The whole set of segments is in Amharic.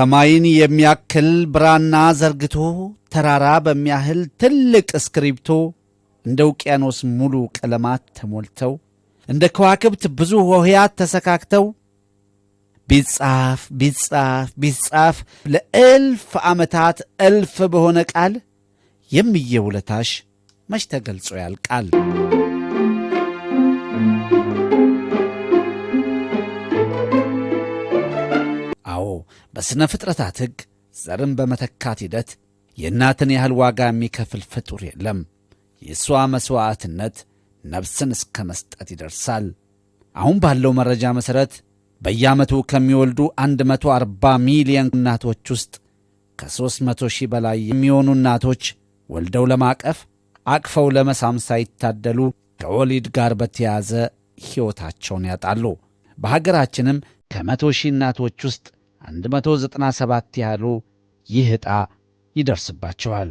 ሰማይን የሚያክል ብራና ዘርግቶ ተራራ በሚያህል ትልቅ እስክሪብቶ እንደ ውቅያኖስ ሙሉ ቀለማት ተሞልተው እንደ ከዋክብት ብዙ ሆሄያት ተሰካክተው ቢጻፍ ቢጻፍ ቢጻፍ ለእልፍ ዓመታት እልፍ በሆነ ቃል የምየውለታሽ ውለታሽ መች ተገልጾ ያልቃል? በሥነ ፍጥረታት ሕግ ዘርን በመተካት ሂደት የእናትን ያህል ዋጋ የሚከፍል ፍጡር የለም። የእሷ መሥዋዕትነት ነፍስን እስከ መስጠት ይደርሳል። አሁን ባለው መረጃ መሠረት በየዓመቱ ከሚወልዱ 140 ሚሊዮን እናቶች ውስጥ ከ300 ሺህ በላይ የሚሆኑ እናቶች ወልደው ለማቀፍ አቅፈው ለመሳም ሳይታደሉ ከወሊድ ጋር በተያያዘ ሕይወታቸውን ያጣሉ። በሀገራችንም ከመቶ ሺህ እናቶች ውስጥ 197 ያህሉ ይህ ዕጣ ይደርስባቸዋል።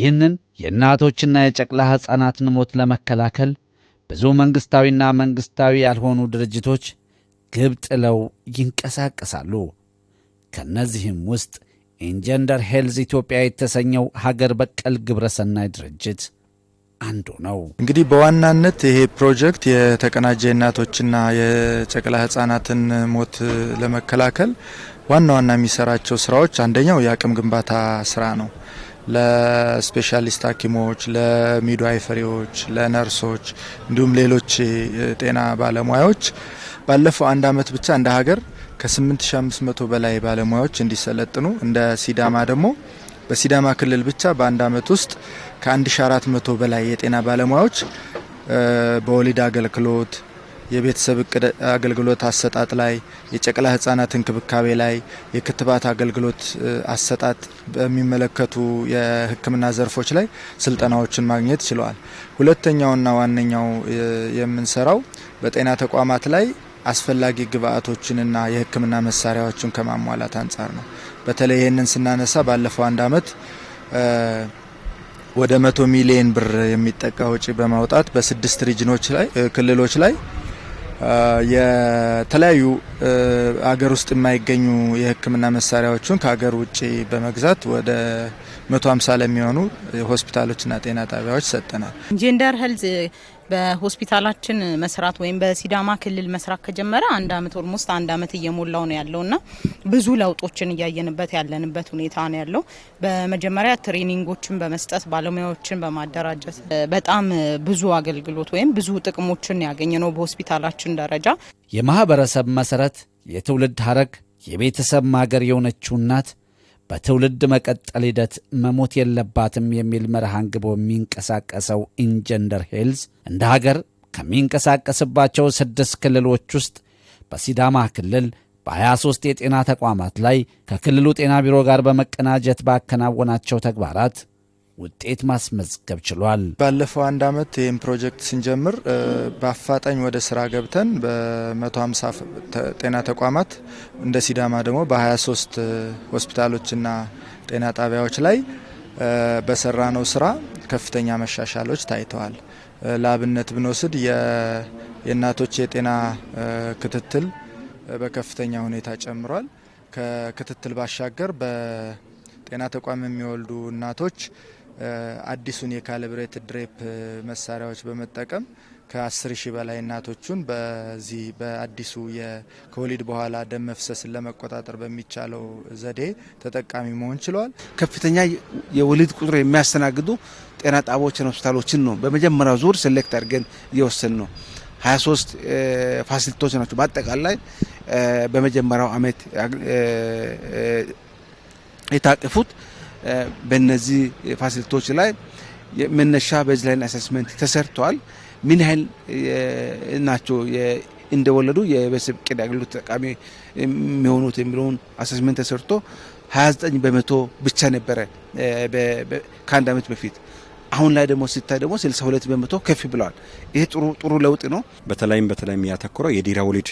ይህንን የእናቶችና የጨቅላ ሕፃናትን ሞት ለመከላከል ብዙ መንግሥታዊና መንግሥታዊ ያልሆኑ ድርጅቶች ግብ ጥለው ይንቀሳቀሳሉ። ከእነዚህም ውስጥ ኢንጀንደር ሄልዝ ኢትዮጵያ የተሰኘው ሀገር በቀል ግብረሰናይ ድርጅት አንዱ ነው። እንግዲህ በዋናነት ይሄ ፕሮጀክት የተቀናጀ እናቶችና የጨቅላ ህጻናትን ሞት ለመከላከል ዋና ዋና የሚሰራቸው ስራዎች አንደኛው የአቅም ግንባታ ስራ ነው። ለስፔሻሊስት ሐኪሞች፣ ለሚድዋይፈሪዎች፣ ለነርሶች እንዲሁም ሌሎች ጤና ባለሙያዎች ባለፈው አንድ አመት ብቻ እንደ ሀገር ከ8500 በላይ ባለሙያዎች እንዲሰለጥኑ እንደ ሲዳማ ደግሞ በሲዳማ ክልል ብቻ በአንድ አመት ውስጥ ከ1400 በላይ የጤና ባለሙያዎች በወሊድ አገልግሎት፣ የቤተሰብ እቅድ አገልግሎት አሰጣጥ ላይ፣ የጨቅላ ህጻናት እንክብካቤ ላይ፣ የክትባት አገልግሎት አሰጣጥ በሚመለከቱ የሕክምና ዘርፎች ላይ ስልጠናዎችን ማግኘት ችለዋል። ሁለተኛውና ዋነኛው የምንሰራው በጤና ተቋማት ላይ አስፈላጊ ግብአቶችንና የሕክምና መሳሪያዎችን ከማሟላት አንጻር ነው። በተለይ ይህንን ስናነሳ ባለፈው አንድ አመት ወደ መቶ ሚሊየን ብር የሚጠቃ ወጪ በማውጣት በስድስት ሪጅኖች ላይ ክልሎች ላይ የተለያዩ አገር ውስጥ የማይገኙ የህክምና መሳሪያዎችን ከሀገር ውጭ በመግዛት ወደ 150 ለሚሆኑ ሆስፒታሎችና ጤና ጣቢያዎች ሰጠናል። ጀንደር ሄልዝ በሆስፒታላችን መስራት ወይም በሲዳማ ክልል መስራት ከጀመረ አንድ አመት ኦልሞስት አንድ አመት እየሞላው ነው ያለው እና ብዙ ለውጦችን እያየንበት ያለንበት ሁኔታ ነው ያለው። በመጀመሪያ ትሬኒንጎችን በመስጠት ባለሙያዎችን በማደራጀት በጣም ብዙ አገልግሎት ወይም ብዙ ጥቅሞችን ያገኘ ነው በሆስፒታላችን ደረጃ። የማህበረሰብ መሰረት፣ የትውልድ ሀረግ፣ የቤተሰብ ማገር የሆነችው እናት በትውልድ መቀጠል ሂደት መሞት የለባትም የሚል መርህ አንግቦ የሚንቀሳቀሰው ኢንጀንደር ሄልዝ እንደ ሀገር ከሚንቀሳቀስባቸው ስድስት ክልሎች ውስጥ በሲዳማ ክልል በ23 የጤና ተቋማት ላይ ከክልሉ ጤና ቢሮ ጋር በመቀናጀት ባከናወናቸው ተግባራት ውጤት ማስመዝገብ ችሏል። ባለፈው አንድ ዓመት ይህም ፕሮጀክት ስንጀምር በአፋጣኝ ወደ ስራ ገብተን በ150 ጤና ተቋማት እንደ ሲዳማ ደግሞ በ23 ሆስፒታሎችና ጤና ጣቢያዎች ላይ በሰራነው ስራ ከፍተኛ መሻሻሎች ታይተዋል። ለአብነት ብንወስድ የእናቶች የጤና ክትትል በከፍተኛ ሁኔታ ጨምሯል። ከክትትል ባሻገር በጤና ተቋም የሚወልዱ እናቶች አዲሱን የካልብሬት ድሬፕ መሳሪያዎች በመጠቀም ከ10 ሺህ በላይ እናቶቹን በዚህ በአዲሱ ከወሊድ በኋላ ደም መፍሰስን ለመቆጣጠር በሚቻለው ዘዴ ተጠቃሚ መሆን ችለዋል። ከፍተኛ የወሊድ ቁጥር የሚያስተናግዱ ጤና ጣቢያዎችን፣ ሆስፒታሎችን ነው በመጀመሪያው ዙር ሴሌክት አድርገን እየወሰን ነው። 23 ፋሲሊቲዎች ናቸው በአጠቃላይ በመጀመሪያው አመት የታቀፉት። በነዚህ ፋሲልቶች ላይ መነሻ ቤዝ አሰስመንት ተሰርተዋል። ምን ያህል ናቸው እንደወለዱ የቤተሰብ ቅድ አገልግሎት ተጠቃሚ የሚሆኑት የሚለውን አሰስመንት ተሰርቶ 29 በመቶ ብቻ ነበረ ከአንድ ዓመት በፊት። አሁን ላይ ደግሞ ሲታይ ደግሞ 62 በመቶ ከፍ ብለዋል። ይሄ ጥሩ ጥሩ ለውጥ ነው። በተለይም በተለይም ያተኮረው የድህረ ወሊድ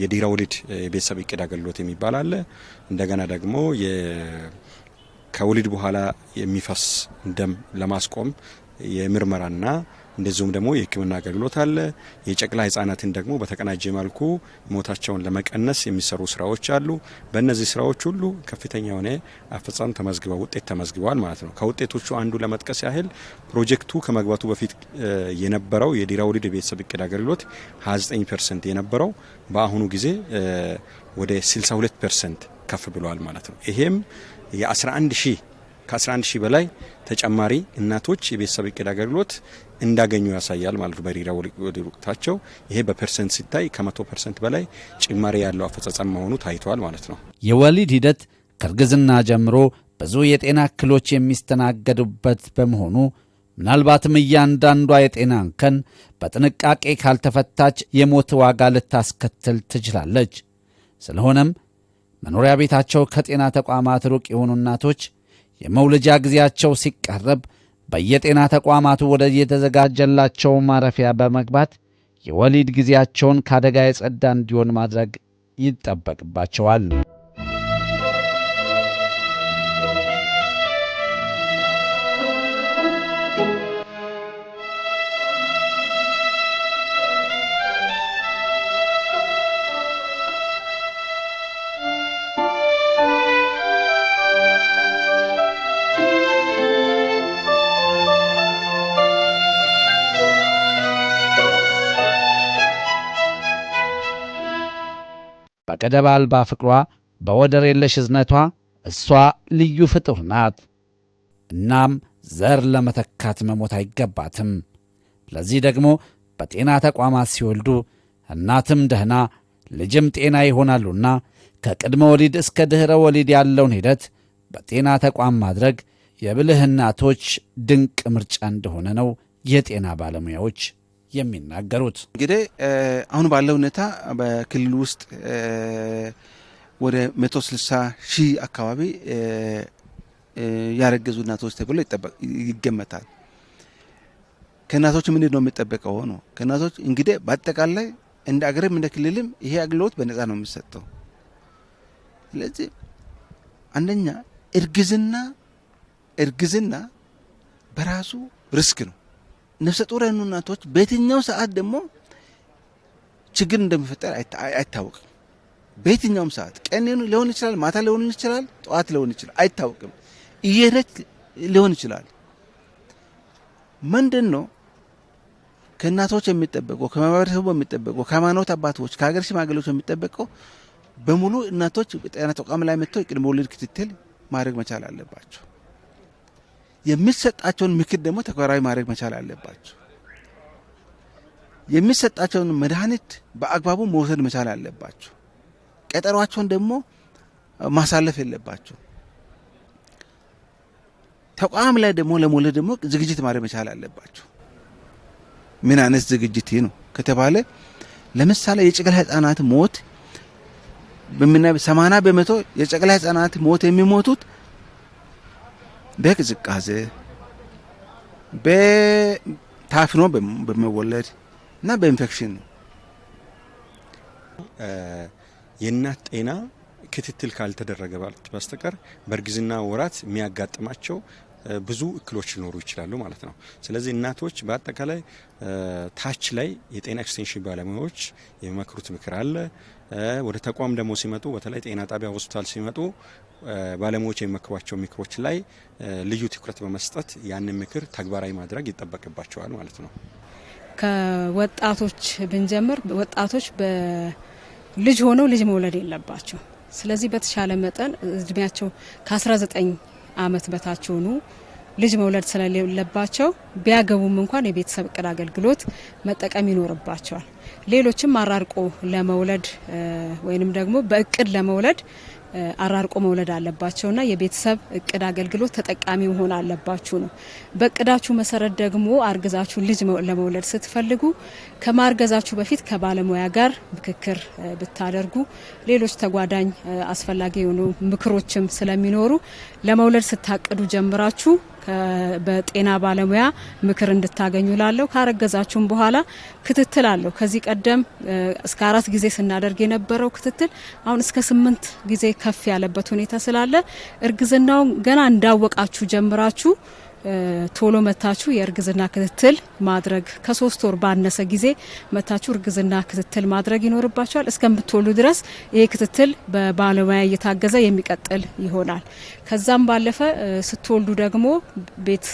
የዲራ ወሊድ የቤተሰብ እቅድ አገልግሎት የሚባል አለ። እንደገና ደግሞ ከወሊድ በኋላ የሚፈስ ደም ለማስቆም የምርመራና እንደዚሁም ደግሞ የሕክምና አገልግሎት አለ። የጨቅላ ህጻናትን ደግሞ በተቀናጀ መልኩ ሞታቸውን ለመቀነስ የሚሰሩ ስራዎች አሉ። በእነዚህ ስራዎች ሁሉ ከፍተኛ የሆነ አፈጻም ተመዝግበው ውጤት ተመዝግበዋል ማለት ነው። ከውጤቶቹ አንዱ ለመጥቀስ ያህል ፕሮጀክቱ ከመግባቱ በፊት የነበረው የዲራ ውሊድ የቤተሰብ እቅድ አገልግሎት 29 ፐርሰንት የነበረው በአሁኑ ጊዜ ወደ 62 ፐርሰንት ከፍ ብለዋል ማለት ነው። ይሄም የ11 ሺህ ከ11 ሺህ በላይ ተጨማሪ እናቶች የቤተሰብ እቅድ አገልግሎት እንዳገኙ ያሳያል ማለት ነው። በሪራ ወቅታቸው ይሄ በፐርሰንት ሲታይ ከ100 ፐርሰንት በላይ ጭማሪ ያለው አፈጻጸም መሆኑ ታይቷል ማለት ነው። የወሊድ ሂደት ከእርግዝና ጀምሮ ብዙ የጤና እክሎች የሚስተናገዱበት በመሆኑ ምናልባትም እያንዳንዷ የጤና እንከን በጥንቃቄ ካልተፈታች የሞት ዋጋ ልታስከትል ትችላለች። ስለሆነም መኖሪያ ቤታቸው ከጤና ተቋማት ሩቅ የሆኑ እናቶች የመውለጃ ጊዜያቸው ሲቀረብ በየጤና ተቋማቱ ወደ የተዘጋጀላቸው ማረፊያ በመግባት የወሊድ ጊዜያቸውን ከአደጋ የጸዳ እንዲሆን ማድረግ ይጠበቅባቸዋል። በገደብ አልባ ፍቅሯ፣ በወደር የለሽ እዝነቷ እሷ ልዩ ፍጡር ናት። እናም ዘር ለመተካት መሞት አይገባትም። ለዚህ ደግሞ በጤና ተቋማት ሲወልዱ እናትም ደህና ልጅም ጤና ይሆናሉና ከቅድመ ወሊድ እስከ ድኅረ ወሊድ ያለውን ሂደት በጤና ተቋም ማድረግ የብልህ እናቶች ድንቅ ምርጫ እንደሆነ ነው የጤና ባለሙያዎች የሚናገሩት። እንግዲህ አሁን ባለው ሁኔታ በክልል ውስጥ ወደ 160 ሺህ አካባቢ ያረገዙ እናቶች ተብሎ ይገመታል። ከእናቶች ምንድን ነው የሚጠበቀው? ሆኖ ከእናቶች እንግዲህ በአጠቃላይ እንደ አገርም እንደ ክልልም ይሄ አገልግሎት በነፃ ነው የሚሰጠው። ስለዚህ አንደኛ እርግዝና እርግዝና በራሱ ሪስክ ነው። ነፍሰ ጡር ያሉ እናቶች በየትኛው ሰዓት ደግሞ ችግር እንደሚፈጠር አይታወቅም። በየትኛውም ሰዓት ቀን ሊሆን ይችላል፣ ማታ ሊሆን ይችላል፣ ጠዋት ሊሆን ይችላል፣ አይታወቅም። እየሄደች ሊሆን ይችላል። ምንድን ነው ከእናቶች የሚጠበቀው ከማህበረሰቡ የሚጠበቀው ከሃይማኖት አባቶች ከሀገር ሽማግሌዎች የሚጠበቀው በሙሉ እናቶች ጤና ተቋም ላይ መጥተው የቅድመ ወሊድ ክትትል ማድረግ መቻል አለባቸው። የሚሰጣቸውን ምክር ደግሞ ተግባራዊ ማድረግ መቻል አለባቸው። የሚሰጣቸውን መድኃኒት በአግባቡ መውሰድ መቻል አለባቸው። ቀጠሯቸውን ደግሞ ማሳለፍ የለባቸው። ተቋም ላይ ደግሞ ለመውለድ ደግሞ ዝግጅት ማድረግ መቻል አለባቸው። ምን አይነት ዝግጅት ነው ከተባለ ለምሳሌ የጨቅላ ህጻናት ሞት ሰማና በመቶ የጨቅላ ህጻናት ሞት የሚሞቱት በቅዝቃዜ በታፍኖ በመወለድ እና በኢንፌክሽን ነው። የእናት ጤና ክትትል ካልተደረገ በስተቀር በእርግዝና ወራት የሚያጋጥማቸው ብዙ እክሎች ሊኖሩ ይችላሉ ማለት ነው። ስለዚህ እናቶች በአጠቃላይ ታች ላይ የጤና ኤክስቴንሽን ባለሙያዎች የሚመክሩት ምክር አለ። ወደ ተቋም ደግሞ ሲመጡ በተለይ ጤና ጣቢያ ሆስፒታል ሲመጡ ባለሙያዎች የሚመክሯቸው ምክሮች ላይ ልዩ ትኩረት በመስጠት ያንን ምክር ተግባራዊ ማድረግ ይጠበቅባቸዋል ማለት ነው። ከወጣቶች ብንጀምር ወጣቶች በልጅ ሆነው ልጅ መውለድ የለባቸው። ስለዚህ በተሻለ መጠን እድሜያቸው ከ19 አመት በታች ሆኑ ልጅ መውለድ ስለሌለባቸው ቢያገቡም እንኳን የቤተሰብ እቅድ አገልግሎት መጠቀም ይኖርባቸዋል። ሌሎችም አራርቆ ለመውለድ ወይንም ደግሞ በእቅድ ለመውለድ አራርቆ መውለድ አለባቸው እና የቤተሰብ እቅድ አገልግሎት ተጠቃሚ መሆን አለባችሁ ነው። በእቅዳችሁ መሰረት ደግሞ አርግዛችሁ ልጅ ለመውለድ ስትፈልጉ ከማርገዛችሁ በፊት ከባለሙያ ጋር ምክክር ብታደርጉ፣ ሌሎች ተጓዳኝ አስፈላጊ የሆኑ ምክሮችም ስለሚኖሩ ለመውለድ ስታቅዱ ጀምራችሁ በጤና ባለሙያ ምክር እንድታገኙ ላለሁ። ካረገዛችሁም በኋላ ክትትል አለው። ከዚህ ቀደም እስከ አራት ጊዜ ስናደርግ የነበረው ክትትል አሁን እስከ ስምንት ጊዜ ከፍ ያለበት ሁኔታ ስላለ እርግዝናውን ገና እንዳወቃችሁ ጀምራችሁ ቶሎ መታችሁ የእርግዝና ክትትል ማድረግ ከሶስት ወር ባነሰ ጊዜ መታችሁ እርግዝና ክትትል ማድረግ ይኖርባችኋል። እስከምትወሉ ድረስ ይሄ ክትትል በባለሙያ እየታገዘ የሚቀጥል ይሆናል። ከዛም ባለፈ ስትወልዱ ደግሞ ቤት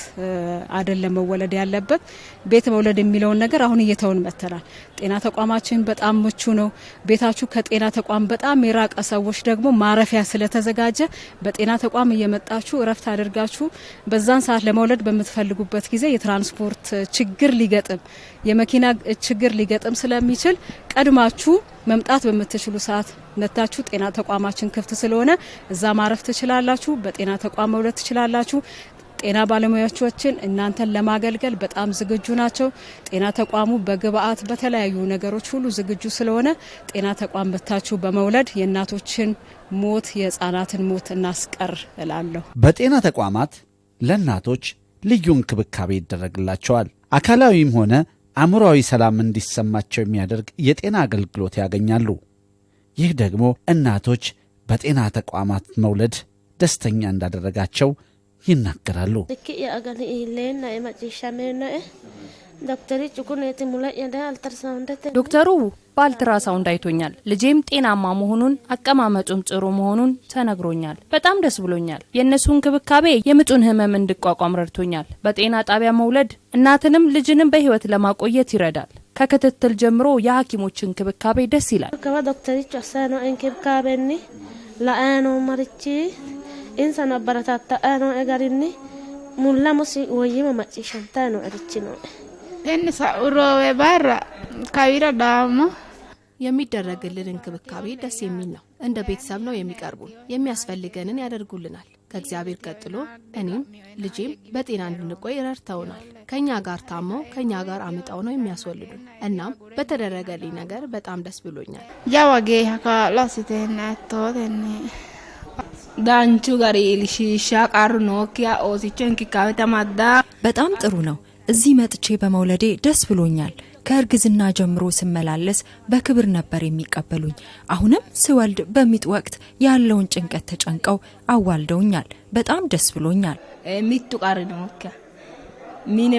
አይደለም መወለድ ያለበት ቤት መውለድ የሚለውን ነገር አሁን እየተውን መተናል። ጤና ተቋማችን በጣም ምቹ ነው። ቤታችሁ ከጤና ተቋም በጣም የራቀ ሰዎች ደግሞ ማረፊያ ስለተዘጋጀ በጤና ተቋም እየመጣችሁ እረፍት አድርጋችሁ በዛን ሰዓት ለመውለድ በምትፈልጉበት ጊዜ የትራንስፖርት ችግር ሊገጥም የመኪና ችግር ሊገጥም ስለሚችል ቀድማችሁ መምጣት በምትችሉ ሰዓት መታችሁ ጤና ተቋማችን ክፍት ስለሆነ እዛ ማረፍ ትችላላችሁ። በጤና ተቋም መውለድ ትችላላችሁ። ጤና ባለሙያዎቻችን እናንተን ለማገልገል በጣም ዝግጁ ናቸው። ጤና ተቋሙ በግብአት በተለያዩ ነገሮች ሁሉ ዝግጁ ስለሆነ ጤና ተቋም መታችሁ በመውለድ የእናቶችን ሞት የህፃናትን ሞት እናስቀር እላለሁ። በጤና ተቋማት ለእናቶች ልዩ እንክብካቤ ይደረግላቸዋል። አካላዊም ሆነ አእምሯዊ ሰላም እንዲሰማቸው የሚያደርግ የጤና አገልግሎት ያገኛሉ። ይህ ደግሞ እናቶች በጤና ተቋማት መውለድ ደስተኛ እንዳደረጋቸው ይናገራሉ። ዶክተሩ በአልትራሳውንድ አይቶኛል። ልጄም ጤናማ መሆኑን አቀማመጡም ጥሩ መሆኑን ተነግሮኛል። በጣም ደስ ብሎኛል። የእነሱ እንክብካቤ የምጡን ህመም እንድቋቋም ረድቶኛል። በጤና ጣቢያ መውለድ እናትንም ልጅንም በህይወት ለማቆየት ይረዳል። ከክትትል ጀምሮ የሐኪሞች እንክብካቤ ደስ ይላል። ዶክተሪቹ አሰኖ እንክብካቤኒ ለአኖ መርቺ insa abbaratatta ano egarinni mullamosi woyyima macciishshanta no erichino tenni ሳኡሮዌ ባራ ከቢራ ዳሞ የሚደረግልን እንክብካቤ ደስ የሚል ነው። እንደ ቤተሰብ ነው የሚቀርቡን፣ የሚያስፈልገንን ያደርጉልናል። ከእግዚአብሔር ቀጥሎ እኔም ልጄም በጤና እንድንቆይ ረድተውናል። ከእኛ ጋር ታመው ከእኛ ጋር አምጣው ነው የሚያስወልዱን። እናም በተደረገልኝ ነገር በጣም ደስ ብሎኛል። ያዋጌ ላሲቴና ቶቴኔ ዳንቹ ጋር ልሽሻ ቃሩ ኖኪያ ኦሲቾ እንክካቤ ተማዳ በጣም ጥሩ ነው። እዚህ መጥቼ በመውለዴ ደስ ብሎኛል። ከእርግዝና ጀምሮ ስመላለስ በክብር ነበር የሚቀበሉኝ። አሁንም ስወልድ በሚጥ ወቅት ያለውን ጭንቀት ተጨንቀው አዋልደውኛል። በጣም ደስ ብሎኛል። ሚቱ ቃር ኖኪያ ሚን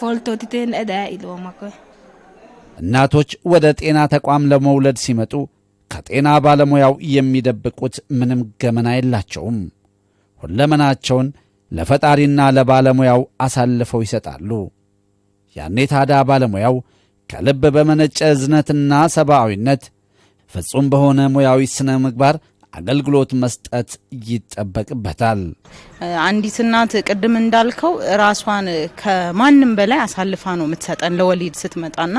ፎልቶቲቴን እዳ ኢሎማኮ እናቶች ወደ ጤና ተቋም ለመውለድ ሲመጡ ከጤና ባለሙያው የሚደብቁት ምንም ገመና የላቸውም። ሁለመናቸውን ለፈጣሪና ለባለሙያው አሳልፈው ይሰጣሉ። ያኔ ታዳ ባለሙያው ከልብ በመነጨ እዝነትና ሰብአዊነት ፍጹም በሆነ ሙያዊ ሥነ ምግባር አገልግሎት መስጠት ይጠበቅበታል። አንዲት እናት ቅድም እንዳልከው ራሷን ከማንም በላይ አሳልፋ ነው የምትሰጠን ለወሊድ ስትመጣና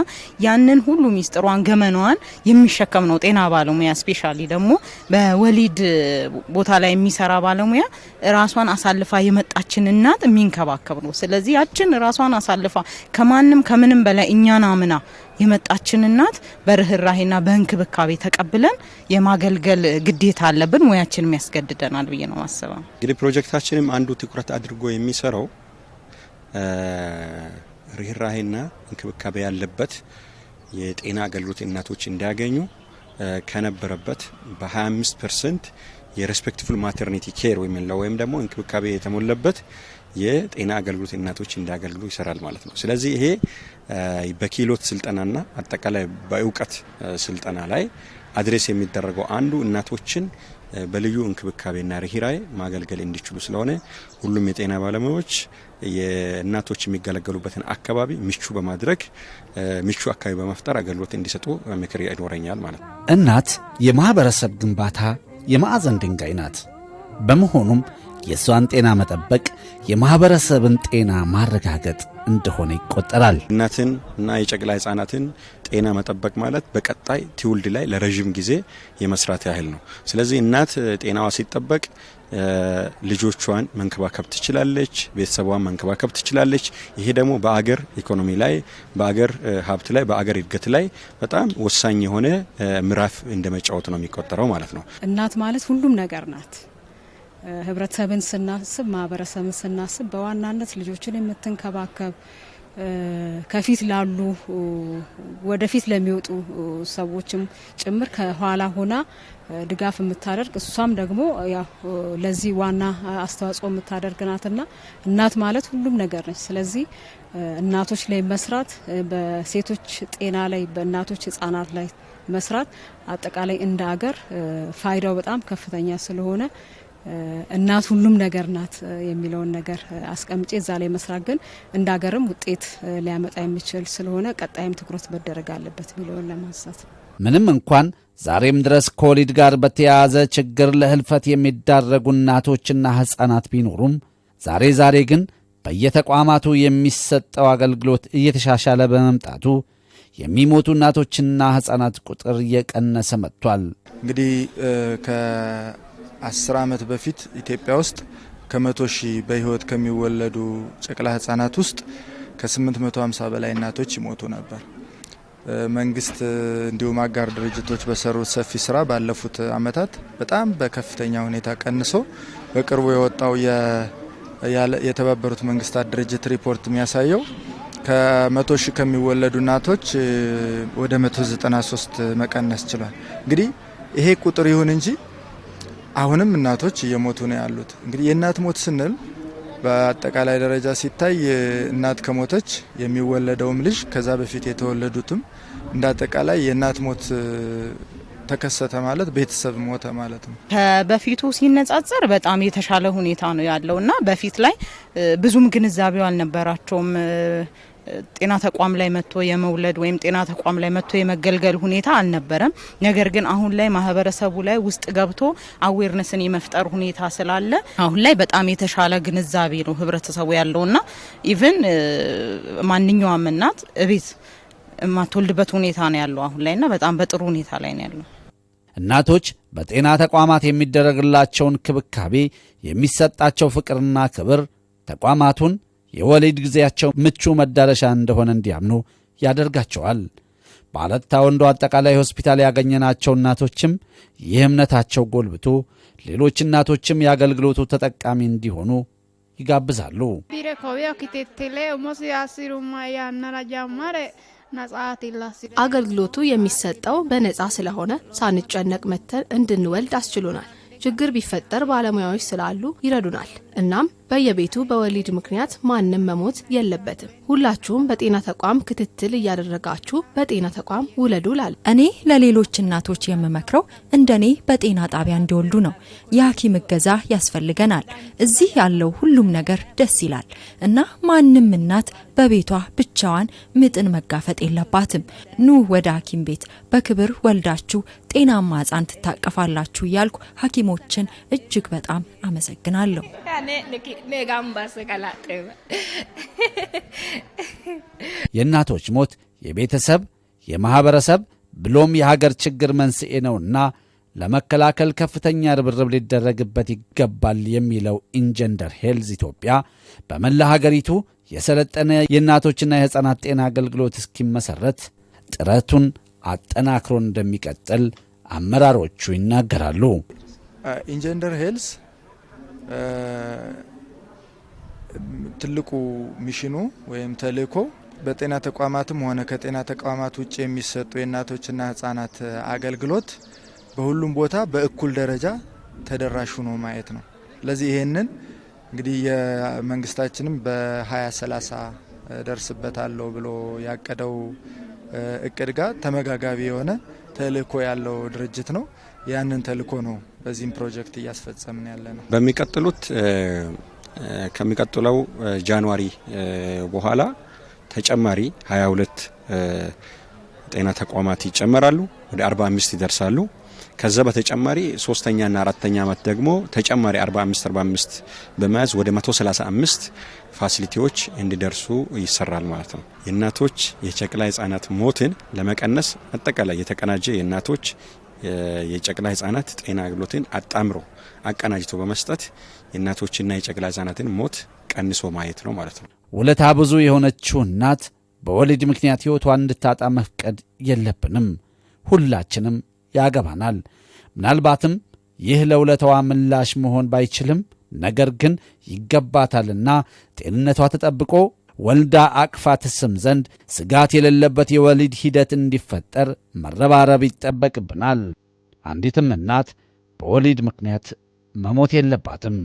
ያንን ሁሉ ሚስጥሯን ገመናዋን የሚሸከም ነው ጤና ባለሙያ። ስፔሻሊ ደግሞ በወሊድ ቦታ ላይ የሚሰራ ባለሙያ ራሷን አሳልፋ የመጣችን እናት የሚንከባከብ ነው። ስለዚህ ያችን ራሷን አሳልፋ ከማንም ከምንም በላይ እኛን አምና የመጣችን እናት በርህራሄና በእንክብካቤ ተቀብለን የማገልገል ግዴታ አለብን። ሙያችን የሚያስገድደናል ብዬ ነው ማስበው። እንግዲህ መንግስታችንም አንዱ ትኩረት አድርጎ የሚሰራው ርኅራሄና እንክብካቤ ያለበት የጤና አገልግሎት እናቶች እንዲያገኙ ከነበረበት በ25 ፐርሰንት የሬስፔክትፉል ማተርኒቲ ኬር የሚለው ወይም ደግሞ እንክብካቤ የተሞላበት የጤና አገልግሎት እናቶች እንዲያገልግሉ ይሰራል ማለት ነው። ስለዚህ ይሄ በኪሎት ስልጠናና አጠቃላይ በእውቀት ስልጠና ላይ አድሬስ የሚደረገው አንዱ እናቶችን በልዩ እንክብካቤና ርህራሄ ማገልገል እንዲችሉ ስለሆነ ሁሉም የጤና ባለሙያዎች የእናቶች የሚገለገሉበትን አካባቢ ምቹ በማድረግ ምቹ አካባቢ በመፍጠር አገልግሎት እንዲሰጡ ምክር ይኖረኛል ማለት ነው። እናት የማህበረሰብ ግንባታ የማዕዘን ድንጋይ ናት። በመሆኑም የእሷን ጤና መጠበቅ የማህበረሰብን ጤና ማረጋገጥ እንደሆነ ይቆጠራል። እናትን እና የጨቅላ ህጻናትን ጤና መጠበቅ ማለት በቀጣይ ትውልድ ላይ ለረዥም ጊዜ የመስራት ያህል ነው። ስለዚህ እናት ጤናዋ ሲጠበቅ ልጆቿን መንከባከብ ትችላለች፣ ቤተሰቧን መንከባከብ ትችላለች። ይሄ ደግሞ በአገር ኢኮኖሚ ላይ፣ በአገር ሀብት ላይ፣ በአገር እድገት ላይ በጣም ወሳኝ የሆነ ምዕራፍ እንደመጫወት ነው የሚቆጠረው ማለት ነው። እናት ማለት ሁሉም ነገር ናት። ህብረተሰብን ስናስብ ማህበረሰብን ስናስብ በዋናነት ልጆችን የምትንከባከብ ከፊት ላሉ ወደፊት ለሚወጡ ሰዎችም ጭምር ከኋላ ሆና ድጋፍ የምታደርግ እሷም ደግሞ ያው ለዚህ ዋና አስተዋጽኦ የምታደርግ ናትና እናት ማለት ሁሉም ነገር ነች። ስለዚህ እናቶች ላይ መስራት፣ በሴቶች ጤና ላይ፣ በእናቶች ህጻናት ላይ መስራት አጠቃላይ እንደ ሀገር ፋይዳው በጣም ከፍተኛ ስለሆነ እናት ሁሉም ነገር ናት የሚለውን ነገር አስቀምጬ እዛ ላይ መስራት ግን እንደ ሀገርም ውጤት ሊያመጣ የሚችል ስለሆነ ቀጣይም ትኩረት መደረግ አለበት የሚለውን ለማንሳት ምንም እንኳን ዛሬም ድረስ ከወሊድ ጋር በተያያዘ ችግር ለህልፈት የሚዳረጉ እናቶችና ሕፃናት ቢኖሩም ዛሬ ዛሬ ግን በየተቋማቱ የሚሰጠው አገልግሎት እየተሻሻለ በመምጣቱ የሚሞቱ እናቶችና ሕፃናት ቁጥር እየቀነሰ መጥቷል። እንግዲህ አስር ዓመት በፊት ኢትዮጵያ ውስጥ ከመቶ ሺህ በህይወት ከሚወለዱ ጨቅላ ህጻናት ውስጥ ከ850 በላይ እናቶች ይሞቱ ነበር። መንግስት እንዲሁም አጋር ድርጅቶች በሰሩት ሰፊ ስራ ባለፉት አመታት በጣም በከፍተኛ ሁኔታ ቀንሶ በቅርቡ የወጣው የተባበሩት መንግስታት ድርጅት ሪፖርት የሚያሳየው ከመቶ ሺህ ከሚወለዱ እናቶች ወደ 193 መቀነስ ችሏል። እንግዲህ ይሄ ቁጥር ይሁን እንጂ አሁንም እናቶች እየሞቱ ነው ያሉት። እንግዲህ የእናት ሞት ስንል በአጠቃላይ ደረጃ ሲታይ እናት ከሞተች የሚወለደውም ልጅ ከዛ በፊት የተወለዱትም እንደ አጠቃላይ የእናት ሞት ተከሰተ ማለት ቤተሰብ ሞተ ማለት ነው። ከበፊቱ ሲነጻጸር በጣም የተሻለ ሁኔታ ነው ያለው እና በፊት ላይ ብዙም ግንዛቤው አልነበራቸውም። ጤና ተቋም ላይ መጥቶ የመውለድ ወይም ጤና ተቋም ላይ መጥቶ የመገልገል ሁኔታ አልነበረም። ነገር ግን አሁን ላይ ማህበረሰቡ ላይ ውስጥ ገብቶ አዌርነስን የመፍጠር ሁኔታ ስላለ አሁን ላይ በጣም የተሻለ ግንዛቤ ነው ህብረተሰቡ ያለውና ኢቨን ማንኛውም እናት እቤት የማትወልድበት ሁኔታ ነው ያለው አሁን ላይና በጣም በጥሩ ሁኔታ ላይ ነው ያለው። እናቶች በጤና ተቋማት የሚደረግላቸውን ክብካቤ፣ የሚሰጣቸው ፍቅርና ክብር ተቋማቱን የወሊድ ጊዜያቸው ምቹ መዳረሻ እንደሆነ እንዲያምኑ ያደርጋቸዋል። በአለታ ወንዶ አጠቃላይ ሆስፒታል ያገኘናቸው እናቶችም ይህ እምነታቸው ጎልብቶ ሌሎች እናቶችም የአገልግሎቱ ተጠቃሚ እንዲሆኑ ይጋብዛሉ። አገልግሎቱ የሚሰጠው በነፃ ስለሆነ ሳንጨነቅ መተን እንድንወልድ አስችሎናል። ችግር ቢፈጠር ባለሙያዎች ስላሉ ይረዱናል። እናም በየቤቱ በወሊድ ምክንያት ማንም መሞት የለበትም። ሁላችሁም በጤና ተቋም ክትትል እያደረጋችሁ በጤና ተቋም ውለዱ ላል እኔ ለሌሎች እናቶች የምመክረው እንደኔ በጤና ጣቢያ እንዲወልዱ ነው። የሐኪም እገዛ ያስፈልገናል። እዚህ ያለው ሁሉም ነገር ደስ ይላል እና ማንም እናት በቤቷ ብቻዋን ምጥን መጋፈጥ የለባትም። ኑ ወደ ሐኪም ቤት በክብር ወልዳችሁ ጤናማ ሕፃን ትታቀፋላችሁ እያልኩ ሐኪሞችን እጅግ በጣም አመሰግናለሁ። የእናቶች ሞት የቤተሰብ የማኅበረሰብ ብሎም የሀገር ችግር መንስኤ ነውና ለመከላከል ከፍተኛ ርብርብ ሊደረግበት ይገባል የሚለው ኢንጀንደር ሄልዝ ኢትዮጵያ በመላ ሀገሪቱ የሰለጠነ የእናቶችና የሕፃናት ጤና አገልግሎት እስኪመሠረት ጥረቱን አጠናክሮ እንደሚቀጥል አመራሮቹ ይናገራሉ። ኢንጀንደር ሄልስ ትልቁ ሚሽኑ ወይም ተልእኮ በጤና ተቋማትም ሆነ ከጤና ተቋማት ውጭ የሚሰጡ የእናቶችና ህጻናት አገልግሎት በሁሉም ቦታ በእኩል ደረጃ ተደራሽ ሆኖ ማየት ነው። ስለዚህ ይህንን እንግዲህ የመንግስታችንም በ2030 ደርስበታለሁ ብሎ ያቀደው እቅድ ጋር ተመጋጋቢ የሆነ ተልእኮ ያለው ድርጅት ነው። ያንን ተልእኮ ነው በዚህም ፕሮጀክት እያስፈጸምን ያለ ነው በሚቀጥሉት ከሚቀጥለው ጃንዋሪ በኋላ ተጨማሪ 22 ጤና ተቋማት ይጨመራሉ፣ ወደ 45 ይደርሳሉ። ከዛ በተጨማሪ ሶስተኛና አራተኛ ዓመት ደግሞ ተጨማሪ 45 45 በመያዝ ወደ 135 ፋሲሊቲዎች እንዲደርሱ ይሰራል ማለት ነው። የእናቶች የጨቅላ ህጻናት ሞትን ለመቀነስ አጠቃላይ የተቀናጀ የእናቶች የጨቅላ ህጻናት ጤና አገልግሎትን አጣምሮ አቀናጅቶ በመስጠት የእናቶችና የጨቅላ ህጻናትን ሞት ቀንሶ ማየት ነው ማለት ነው። ውለታ ብዙ የሆነችው እናት በወሊድ ምክንያት ሕይወቷ እንድታጣ መፍቀድ የለብንም። ሁላችንም ያገባናል። ምናልባትም ይህ ለውለታዋ ምላሽ መሆን ባይችልም ነገር ግን ይገባታልና ጤንነቷ ተጠብቆ ወልዳ አቅፋ ትስም ዘንድ ስጋት የሌለበት የወሊድ ሂደት እንዲፈጠር መረባረብ ይጠበቅብናል። አንዲትም እናት በወሊድ ምክንያት መሞት የለባትም።